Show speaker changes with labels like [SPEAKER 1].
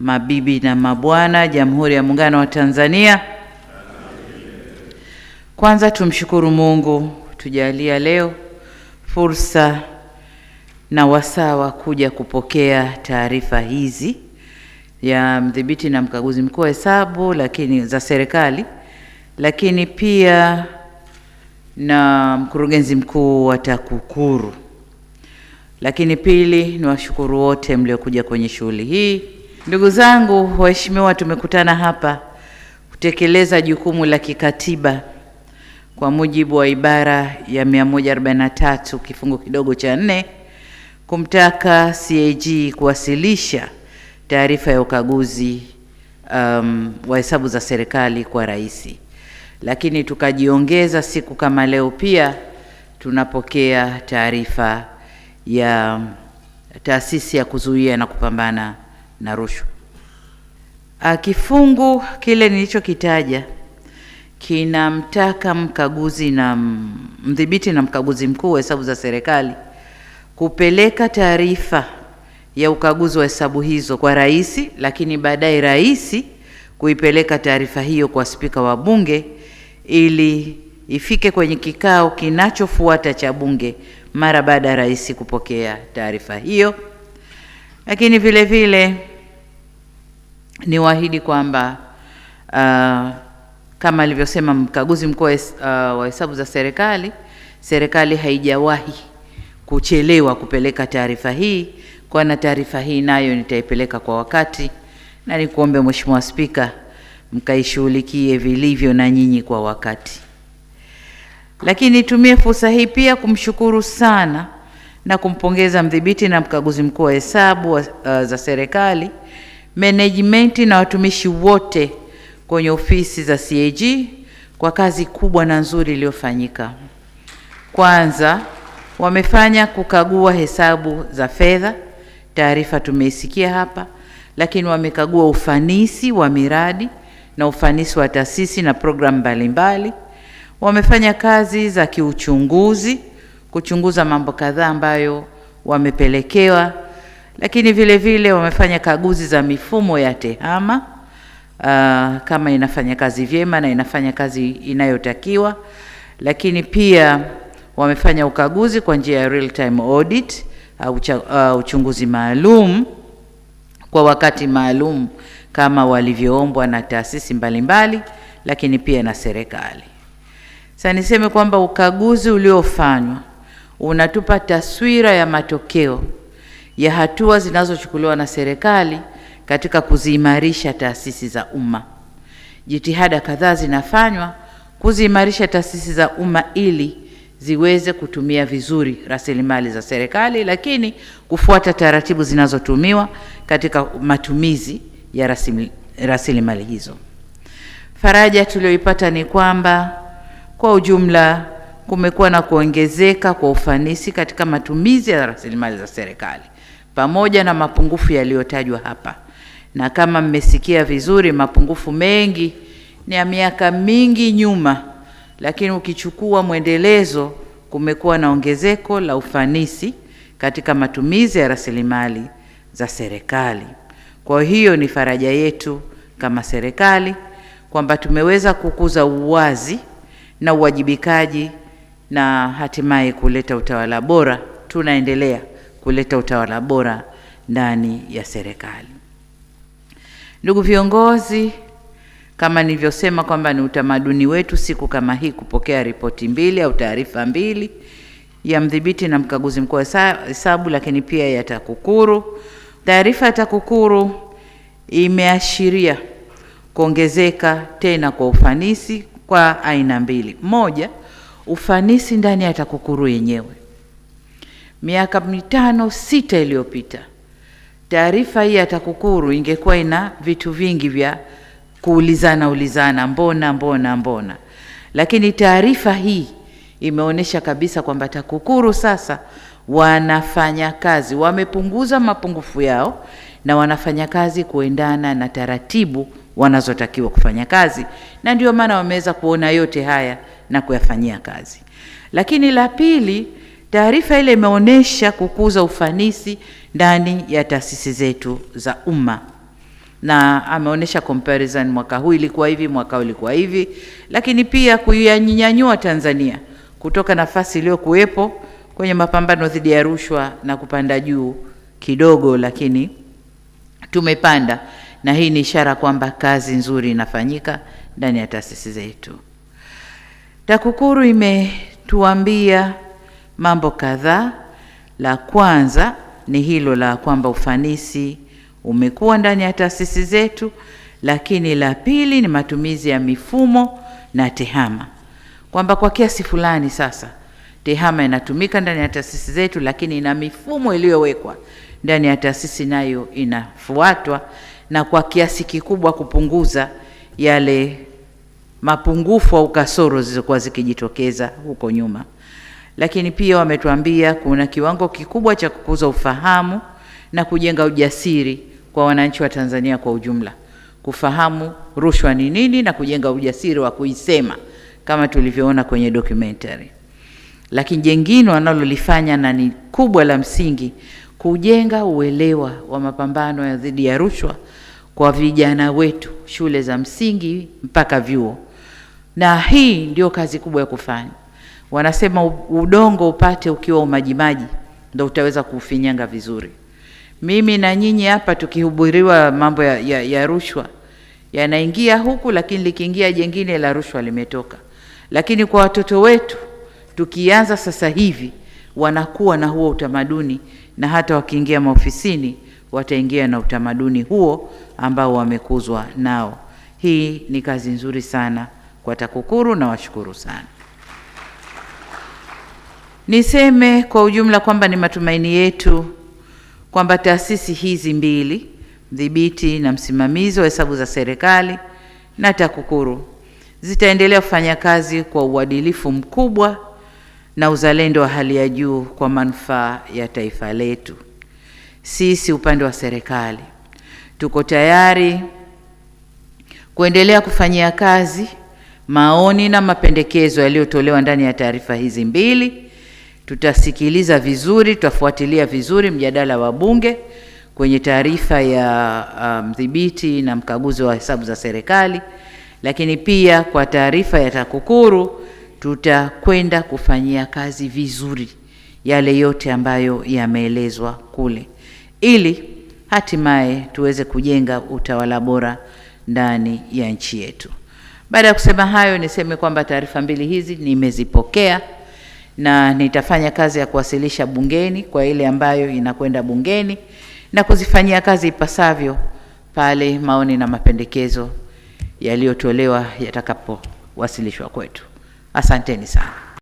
[SPEAKER 1] mabibi na mabwana, Jamhuri ya Muungano wa Tanzania. Kwanza tumshukuru Mungu tujalia leo fursa na wasaa wa kuja kupokea taarifa hizi ya mdhibiti na mkaguzi mkuu wa hesabu lakini za serikali, lakini pia na mkurugenzi mkuu wa TAKUKURU. Lakini pili, ni washukuru wote mliokuja kwenye shughuli hii Ndugu zangu waheshimiwa, tumekutana hapa kutekeleza jukumu la kikatiba kwa mujibu wa ibara ya 143 kifungu kidogo cha nne kumtaka CAG kuwasilisha taarifa ya ukaguzi um, wa hesabu za serikali kwa rais. Lakini tukajiongeza siku kama leo pia tunapokea taarifa ya taasisi ya kuzuia na kupambana na rushwa. Ah, kifungu kile nilichokitaja kinamtaka mkaguzi na mdhibiti na mkaguzi mkuu wa hesabu za serikali kupeleka taarifa ya ukaguzi wa hesabu hizo kwa rais, lakini baadaye rais kuipeleka taarifa hiyo kwa spika wa bunge ili ifike kwenye kikao kinachofuata cha bunge mara baada ya rais kupokea taarifa hiyo. Lakini vile vile niwaahidi kwamba uh, kama alivyosema mkaguzi mkuu uh, wa hesabu za serikali, serikali haijawahi kuchelewa kupeleka taarifa hii, kwa na taarifa hii nayo nitaipeleka kwa wakati, na nikuombe Mheshimiwa Spika mkaishughulikie vilivyo na nyinyi kwa wakati. Lakini nitumie fursa hii pia kumshukuru sana na kumpongeza mdhibiti na mkaguzi mkuu wa hesabu uh, za serikali, management na watumishi wote kwenye ofisi za CAG kwa kazi kubwa na nzuri iliyofanyika. Kwanza wamefanya kukagua hesabu za fedha, taarifa tumeisikia hapa, lakini wamekagua ufanisi wa miradi na ufanisi wa taasisi na programu mbalimbali. Wamefanya kazi za kiuchunguzi kuchunguza mambo kadhaa ambayo wamepelekewa, lakini vile vile wamefanya kaguzi za mifumo ya TEHAMA uh, kama inafanya kazi vyema na inafanya kazi inayotakiwa, lakini pia wamefanya ukaguzi kwa njia ya real time audit au ah, uh, ah, uchunguzi maalum kwa wakati maalum kama walivyoombwa na taasisi mbalimbali mbali, lakini pia na serikali. Sasa niseme kwamba ukaguzi uliofanywa unatupa taswira ya matokeo ya hatua zinazochukuliwa na serikali katika kuziimarisha taasisi za umma. Jitihada kadhaa zinafanywa kuziimarisha taasisi za umma ili ziweze kutumia vizuri rasilimali za serikali, lakini kufuata taratibu zinazotumiwa katika matumizi ya rasilimali hizo. Faraja tuliyoipata ni kwamba kwa ujumla kumekuwa na kuongezeka kwa ufanisi katika matumizi ya rasilimali za serikali pamoja na mapungufu yaliyotajwa hapa, na kama mmesikia vizuri, mapungufu mengi ni ya miaka mingi nyuma, lakini ukichukua mwendelezo, kumekuwa na ongezeko la ufanisi katika matumizi ya rasilimali za serikali. Kwa hiyo ni faraja yetu kama serikali kwamba tumeweza kukuza uwazi na uwajibikaji na hatimaye kuleta utawala bora. Tunaendelea kuleta utawala bora ndani ya serikali. Ndugu viongozi, kama nilivyosema kwamba ni utamaduni wetu siku kama hii kupokea ripoti mbili au taarifa mbili, ya mdhibiti na mkaguzi mkuu wa hesabu, lakini pia ya TAKUKURU. Taarifa ya TAKUKURU imeashiria kuongezeka tena kwa ufanisi kwa aina mbili. Moja, ufanisi ndani ya TAKUKURU yenyewe. Miaka mitano sita iliyopita, taarifa hii ya TAKUKURU ingekuwa ina vitu vingi vya kuulizana ulizana, mbona mbona mbona, lakini taarifa hii imeonyesha kabisa kwamba TAKUKURU sasa wanafanya kazi, wamepunguza mapungufu yao na wanafanya kazi kuendana na taratibu wanazotakiwa kufanya kazi, na ndio maana wameweza kuona yote haya na kuyafanyia kazi. Lakini la pili, taarifa ile imeonyesha kukuza ufanisi ndani ya taasisi zetu za umma na ameonyesha comparison, mwaka huu ilikuwa hivi, mwaka huu ilikuwa hivi, lakini pia kuyanyanyua Tanzania kutoka nafasi iliyokuwepo kwenye mapambano dhidi ya rushwa na kupanda juu kidogo, lakini tumepanda, na hii ni ishara kwamba kazi nzuri inafanyika ndani ya taasisi zetu. TAKUKURU imetuambia mambo kadhaa. La kwanza ni hilo la kwamba ufanisi umekuwa ndani ya taasisi zetu, lakini la pili ni matumizi ya mifumo na tehama, kwamba kwa kiasi fulani sasa tehama inatumika ndani ya taasisi zetu, lakini ina mifumo iliyowekwa ndani ya taasisi nayo inafuatwa, na kwa kiasi kikubwa kupunguza yale mapungufu au kasoro zilizokuwa zikijitokeza huko nyuma. Lakini pia wametuambia kuna kiwango kikubwa cha kukuza ufahamu na kujenga ujasiri kwa wananchi wa Tanzania kwa ujumla, kufahamu rushwa ni nini na kujenga ujasiri wa kuisema kama tulivyoona kwenye documentary. Lakini jengine wanalolifanya na ni kubwa la msingi, kujenga uelewa wa mapambano ya dhidi ya rushwa kwa vijana wetu shule za msingi mpaka vyuo na hii ndio kazi kubwa ya kufanya. Wanasema udongo upate ukiwa umajimaji, ndio utaweza kuufinyanga vizuri. Mimi na nyinyi hapa tukihubiriwa mambo ya, ya, ya rushwa yanaingia huku, lakini likiingia jengine la rushwa limetoka. Lakini kwa watoto wetu tukianza sasa hivi, wanakuwa na huo utamaduni, na hata wakiingia maofisini wataingia na utamaduni huo ambao wamekuzwa nao. Hii ni kazi nzuri sana. Kwa TAKUKURU nawashukuru sana. Niseme kwa ujumla kwamba ni matumaini yetu kwamba taasisi hizi mbili, mdhibiti na msimamizi wa hesabu za serikali na TAKUKURU, zitaendelea kufanya kazi kwa uadilifu mkubwa na uzalendo wa hali ya juu kwa manufaa ya taifa letu. Sisi upande wa serikali tuko tayari kuendelea kufanyia kazi maoni na mapendekezo yaliyotolewa ndani ya taarifa hizi mbili. Tutasikiliza vizuri, tutafuatilia vizuri mjadala wa Bunge kwenye taarifa ya uh, mdhibiti um, na mkaguzi wa hesabu za serikali, lakini pia kwa taarifa ya TAKUKURU tutakwenda kufanyia kazi vizuri yale yote ambayo yameelezwa kule, ili hatimaye tuweze kujenga utawala bora ndani ya nchi yetu. Baada ya kusema hayo, niseme kwamba taarifa mbili hizi nimezipokea na nitafanya kazi ya kuwasilisha bungeni kwa ile ambayo inakwenda bungeni na kuzifanyia kazi ipasavyo pale maoni na mapendekezo yaliyotolewa yatakapowasilishwa kwetu. Asanteni sana.